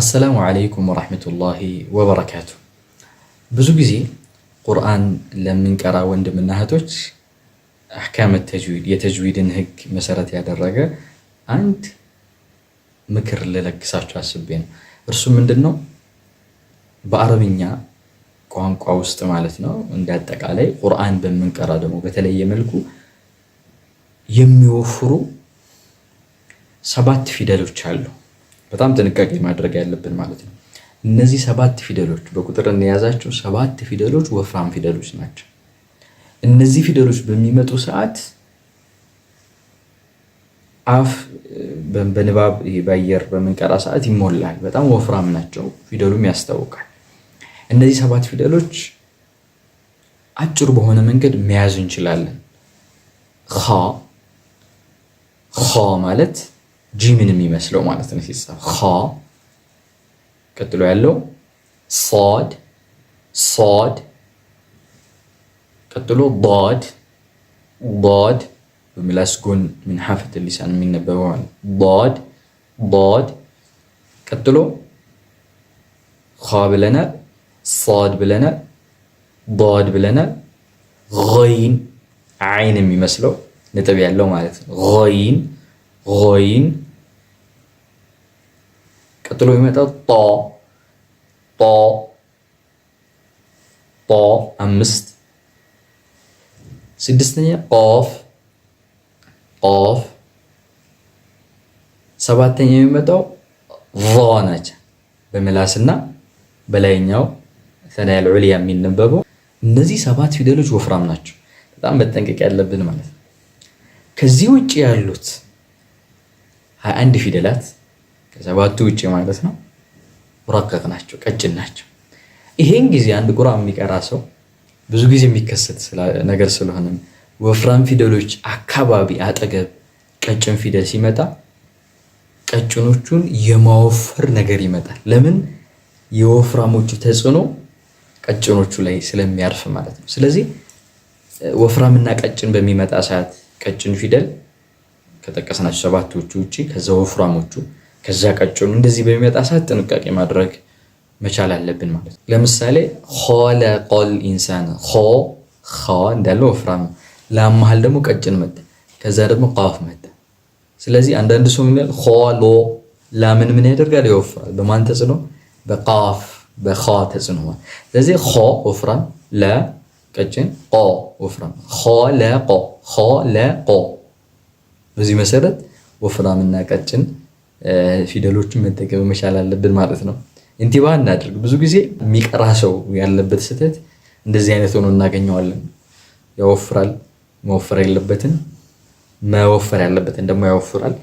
አሰላሙ ዓለይኩም ወራህመቱላሂ ወበረካቱ። ብዙ ጊዜ ቁርአን ለምንቀራ ወንድምና እህቶች አሕካመ ተጅዊድ የተጅዊድን ህግ መሰረት ያደረገ አንድ ምክር ልለግሳችሁ አስቤ ነው። እርሱ ምንድን ነው? በአረብኛ ቋንቋ ውስጥ ማለት ነው እንደ አጠቃላይ ቁርአን በምንቀራ ደግሞ በተለየ መልኩ የሚወፍሩ ሰባት ፊደሎች አሉ። በጣም ጥንቃቄ ማድረግ ያለብን ማለት ነው። እነዚህ ሰባት ፊደሎች በቁጥር እንያዛቸው። ሰባት ፊደሎች ወፍራም ፊደሎች ናቸው። እነዚህ ፊደሎች በሚመጡ ሰዓት አፍ በንባብ በአየር በምንቀራ ሰዓት ይሞላል። በጣም ወፍራም ናቸው፣ ፊደሉም ያስታውቃል። እነዚህ ሰባት ፊደሎች አጭሩ በሆነ መንገድ መያዝ እንችላለን። ኻ ኻ ማለት ጂምን የሚመስለው ማለት ነው ሲጻፍ። ቀጥሎ ያለው ሶድ ሶድ፣ ቀጥሎ ዶድ ዶድ፣ በምላስ ጎን ምን ሐፈት ሊሳን የሚነበበው ዶድ ዶድ። ቀጥሎ ብለናል፣ ሶድ ብለናል፣ ዶድ ብለናል። ይን አይን የሚመስለው ነጥብ ያለው ማለት ነው። ይን ይን ቀጥሎ የሚመጣው ጦ ጦ ጦ አምስት ስድስተኛ ቆፍ ቆፍ ሰባተኛ የሚመጣው ዞ ነች። በምላስና በላይኛው ተናያል ዑልያ የሚነበበው እነዚህ ሰባት ፊደሎች ወፍራም ናቸው። በጣም መጠንቀቅ ያለብን ማለት ነው። ከዚህ ውጭ ያሉት ሀያ አንድ ፊደላት ከሰባቱ ውጭ ማለት ነው። ሙረቀቅ ናቸው፣ ቀጭን ናቸው። ይሄን ጊዜ አንድ ቁራ የሚቀራ ሰው ብዙ ጊዜ የሚከሰት ነገር ስለሆነ ወፍራም ፊደሎች አካባቢ አጠገብ ቀጭን ፊደል ሲመጣ ቀጭኖቹን የማወፈር ነገር ይመጣል። ለምን? የወፍራሞቹ ተጽዕኖ ቀጭኖቹ ላይ ስለሚያርፍ ማለት ነው። ስለዚህ ወፍራምና ቀጭን በሚመጣ ሰዓት ቀጭን ፊደል ከጠቀስናቸው ሰባቶቹ ውጭ ከዛ ወፍራሞቹ ከዛ ቀጭኑ እንደዚህ በሚመጣ ሰዓት ጥንቃቄ ማድረግ መቻል አለብን ማለት ነው። ለምሳሌ ለቆል ኢንሳን እንዳለ ወፍራም ላም መሃል ደግሞ ቀጭን መጣ፣ ከዛ ደግሞ ቃፍ መጣ። ስለዚህ አንዳንድ ሰው ምን ይላል ሎ ላምን ምን ያደርጋል? ይወፍራል። በማን ተጽዕኖ? በቃፍ በኸ ተጽዕኖ። ስለዚህ ኸ ወፍራም፣ ለ ቀጭን፣ ቆ ወፍራም፣ ለቆ ለቆ። በዚህ መሰረት ወፍራምና ቀጭን ፊደሎችን መጠቀም መቻል አለብን ማለት ነው። ኢንቲባ እናድርግ። ብዙ ጊዜ የሚቀራ ሰው ያለበት ስህተት እንደዚህ አይነት ሆኖ እናገኘዋለን። ያወፍራል፣ መወፈር የለበትን መወፈር ያለበትን ደግሞ ያወፍራል።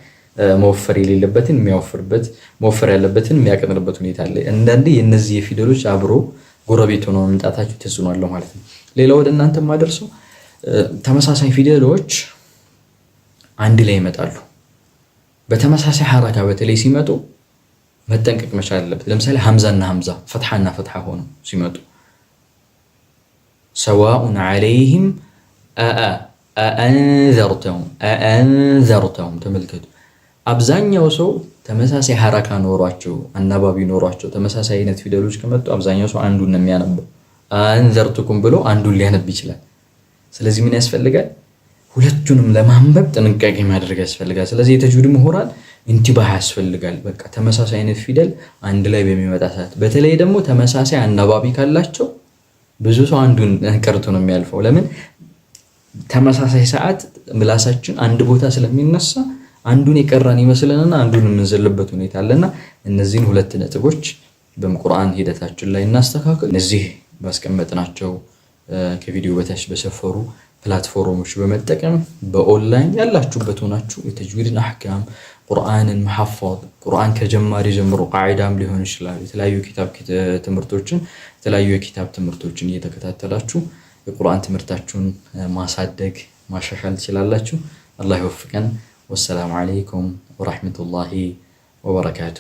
መወፈር የሌለበትን የሚያወፍርበት፣ መወፈር ያለበትን የሚያቀጥርበት ሁኔታ አለ። አንዳንዴ የእነዚህ የፊደሎች አብሮ ጎረቤት ሆኖ መምጣታቸው ተጽዕኖ አለው ማለት ነው። ሌላ ወደ እናንተ ማደርሰው ተመሳሳይ ፊደሎች አንድ ላይ ይመጣሉ። በተመሳሳይ ሐረካ በተለይ ሲመጡ መጠንቀቅ መቻል አለበት። ለምሳሌ ሐምዛና ሐምዛ ፈትሐና ፈትሐ ሆኖ ሲመጡ ሰዋኡን ዐለይህም አአንዘርተሁም አአንዘርተሁም። ተመልከቱ አብዛኛው ሰው ተመሳሳይ ሐረካ ኖሯቸው አናባቢ ኖሯቸው ተመሳሳይ አይነት ፊደሎች ከመጡ አብዛኛው ሰው አንዱን ነው የሚያነበው። አንዘርቱኩም ብሎ አንዱን ሊያነብ ይችላል። ስለዚህ ምን ያስፈልጋል? ሁለቱንም ለማንበብ ጥንቃቄ ማድረግ ያስፈልጋል። ስለዚህ የተጅዊድ ምሁራን እንቲባህ ያስፈልጋል። በቃ ተመሳሳይ አይነት ፊደል አንድ ላይ በሚመጣ ሰዓት፣ በተለይ ደግሞ ተመሳሳይ አናባቢ ካላቸው ብዙ ሰው አንዱን ቀርቶ ነው የሚያልፈው። ለምን ተመሳሳይ ሰዓት ምላሳችን አንድ ቦታ ስለሚነሳ አንዱን የቀራን ይመስለንና አንዱን የምንዝልበት ሁኔታ አለና እነዚህን ሁለት ነጥቦች በቁርአን ሂደታችን ላይ እናስተካክል። እነዚህ ባስቀመጥናቸው ከቪዲዮ በታች በሰፈሩ ፕላትፎርሞች በመጠቀም በኦንላይን ያላችሁበት ሆናችሁ የተጅዊድን አህካም ቁርአንን መሐፋዝ ቁርአን ከጀማሪ ጀምሮ ቃዒዳም ሊሆን ይችላል። የተለያዩ ኪታብ ትምህርቶችን የተለያዩ የኪታብ ትምህርቶችን እየተከታተላችሁ የቁርአን ትምህርታችሁን ማሳደግ ማሻሻል ትችላላችሁ። አላህ ይወፍቀን። ወሰላሙ ዓለይኩም ወራህመቱላሂ ወበረካቱ።